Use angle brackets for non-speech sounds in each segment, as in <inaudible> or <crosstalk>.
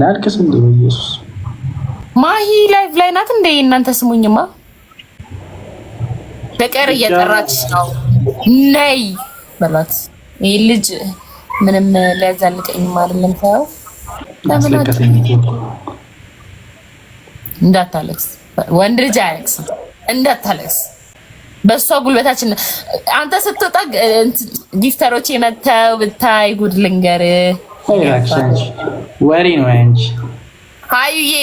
ላልቅስ እንዴ? በኢየሱስ ማሂ ላይቭ ላይ ናት እንዴ? እናንተ ስሙኝማ፣ በቀር እየጠራች ነው። ነይ በላት። ይህ ልጅ ምንም ሊያዛልቀኝም አይደለም። ታየው እንዳታለቅስ፣ ወንድ ልጅ አያለቅስም። እንዳታለቅስ በእሷ ጉልበታችን አንተ ስትወጣ ጊፍተሮች የመተው ብታይ ጉድ ልንገርህ ወሬ ነው እንጂ ሀዩዬ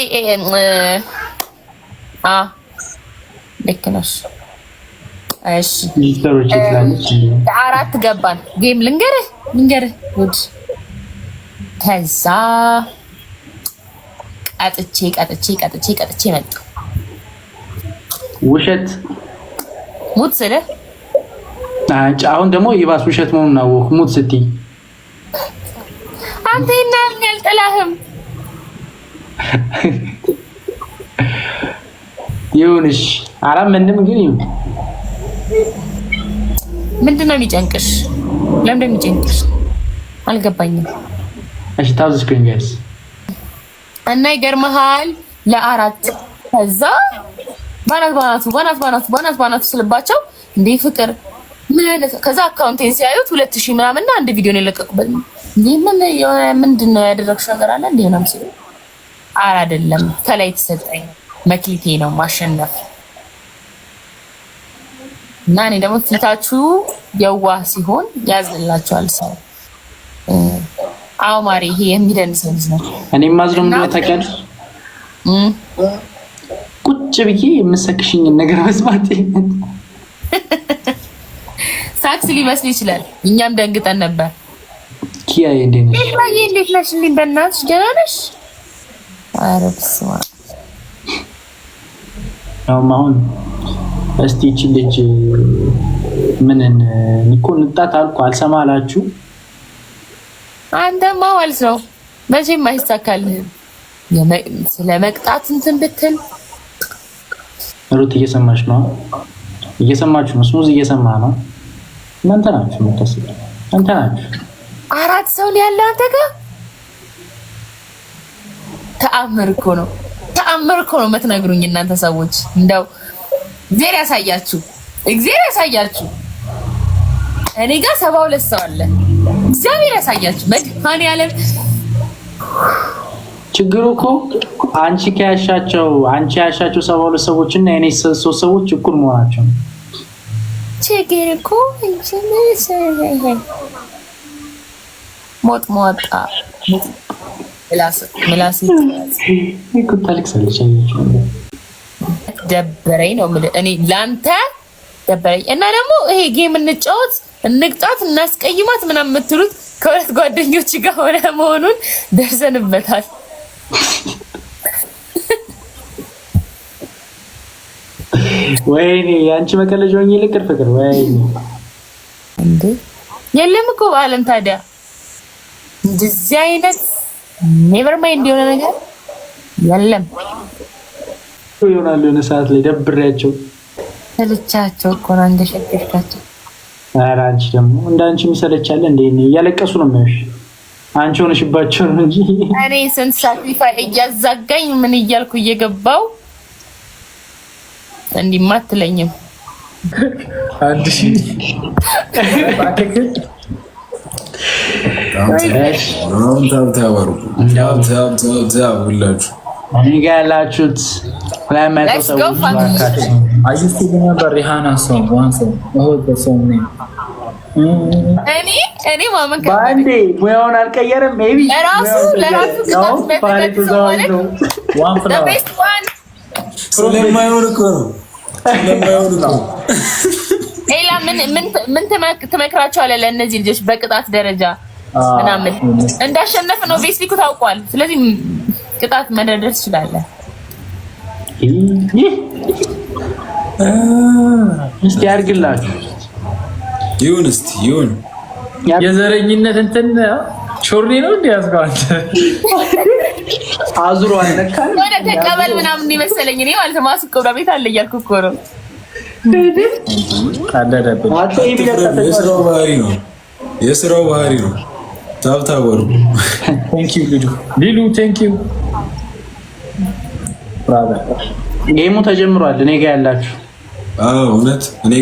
ልክ ነሽ። አራት ገባን። ጌም ልንገርህ ልንገርህ ጉድ። ከዛ ቀጥቼ ቀጥቼ ቀጥቼ ቀጥቼ መጣሁ። ውሸት ሙት ስልህ አሁን ደግሞ ይባስ ውሸት መሆኑን አወኩ። ሙት ስትይ አንተ እና ይናምን ያልጠላህም ይሁንሽ። አራ ምንም ግን ይሁን። ምንድን ነው የሚጨንቅሽ? ለምንድን ነው የሚጨንቅሽ? አልገባኝም። እሺ ታውዝ ኩንገስ እና ይገርመሃል፣ ለአራት ከዛ ባናት ባናቱ ባናት ባናቱ ባናት ባናቱ ስልባቸው እንዴ ፍቅር ምን አይነት ከዛ አካውንቴን ሲያዩት ሁለት ሺህ ምናምን እና አንድ ቪዲዮ ነው የለቀቁበት ምን የሆነ ምንድን ነው ያደረግሽ ነገር አለ እንዴ ነው ሲሉ፣ አረ አይደለም ከላይ የተሰጠኝ መክሊቴ ነው ማሸነፍ እና እኔ ደግሞ ፊታችሁ የዋህ ሲሆን ያዝላችኋል ሰው። አዎ ማሪ፣ ይሄ የሚደንስ ልጅ ነው። እኔ ማዝሮ ነው ታውቂያለሽ። ቁጭ ብዬ የምሰክሽኝን ነገር መስማት ሳክስ ሊመስል ይችላል። እኛም ደንግጠን ነበር። ኪያዬ እንዴት ነሽ? እንዴት ነሽ? እንዴት በእናትሽ ደህና ነሽ? ኧረ በስመ አብ አሁን እስቲ ይቺ ልጅ ምንን እኮ እንጣት አልኩ። አልሰማ አላችሁ። አንተማ ነው መቼም አይሳካልህም። ስለ መቅጣት እንትን ብትል ሩት እየሰማች ነው፣ እየሰማችሁ ነው። ስሙዝ እየሰማ ነው። እናንተ ናችሁ፣ እናንተ ናችሁ አራት ሰው ነው ያለ አንተ ጋር። ተአምር እኮ ነው፣ ተአምር እኮ ነው የምትነግሩኝ እናንተ ሰዎች። እንደው እግዚአብሔር ያሳያችሁ፣ እግዚአብሔር ያሳያችሁ። እኔ ጋር ሰባ ሁለት ሰው አለ። እግዚአብሔር ያሳያችሁ። መድኃኔዓለም ችግሩ እኮ አንቺ ከያሻቸው አንቺ ያሻቸው ሰባ ሁለት ሰዎች እና የኔ ሶስት ሰዎች እኩል መሆናቸው ችግር እኮ ሞጥ ሞጣ ምላስ ደበረኝ ነው የምልህ እኔ ለአንተ ደበረኝ። እና ደግሞ ይሄ ጌም እንጫወት፣ እንቅጣት፣ እናስቀይማት ምናምን የምትሉት ከሁለት ጓደኞች ጋር ሆነ መሆኑን ደርሰንበታል። ወይኔ አንቺ መቀለጃ ሆኜ ልቅር ፍቅር ወይ እንዴ! የለም እኮ በአለም ታዲያ እንደዚህ አይነት ኔቨር ማይንድ የሆነ ነገር የለም። ይሆናሉ የሆነ ሰዓት ላይ ደብሬያቸው ሰለቻቸው እኮ ነው እንደሸገሽካቸው። ኧረ አንቺ ደግሞ እንደ አንቺ የሚሰለቻለ እንደ እያለቀሱ ነው የሚያዩሽ። አንቺ ሆነሽባቸው ነው እንጂ እኔ ስንት ሳክሪፋይ እያዛጋኝ ምን እያልኩ እየገባው እንዲማ አትለኝም አንድ <laughs> ሁላችሁ እኔ ያላችሁት ሁለት መቶ ሰዎች ምን ትመክራቸዋለህ ለእነዚህ ልጆች በቅጣት ደረጃ? ምናምን እንዳሸነፍ ነው ፌስቡክ ታውቋል። ስለዚህ ቅጣት መደርደር ትችላለህ። እስቲ ያድርግላችሁ። ይሁን እስቲ ይሁን። የዘረኝነት እንትን ሾሪ ነው እንዲ ያስገዋል አዙሮ አልነካል። ወደ ተቀበል ምናምን የመሰለኝ እኔ ማለት ነው። ማስቆ ቤት አለ እያልኩ እኮ ነው። አለደብኝ የስራው ባህሪ ነው። የስራው ባህሪ ነው። ታብታወሩ ሊሉ ቴንኪው። ጌሙ ተጀምሯል። እኔ ጋ ያላችሁ እውነት እኔ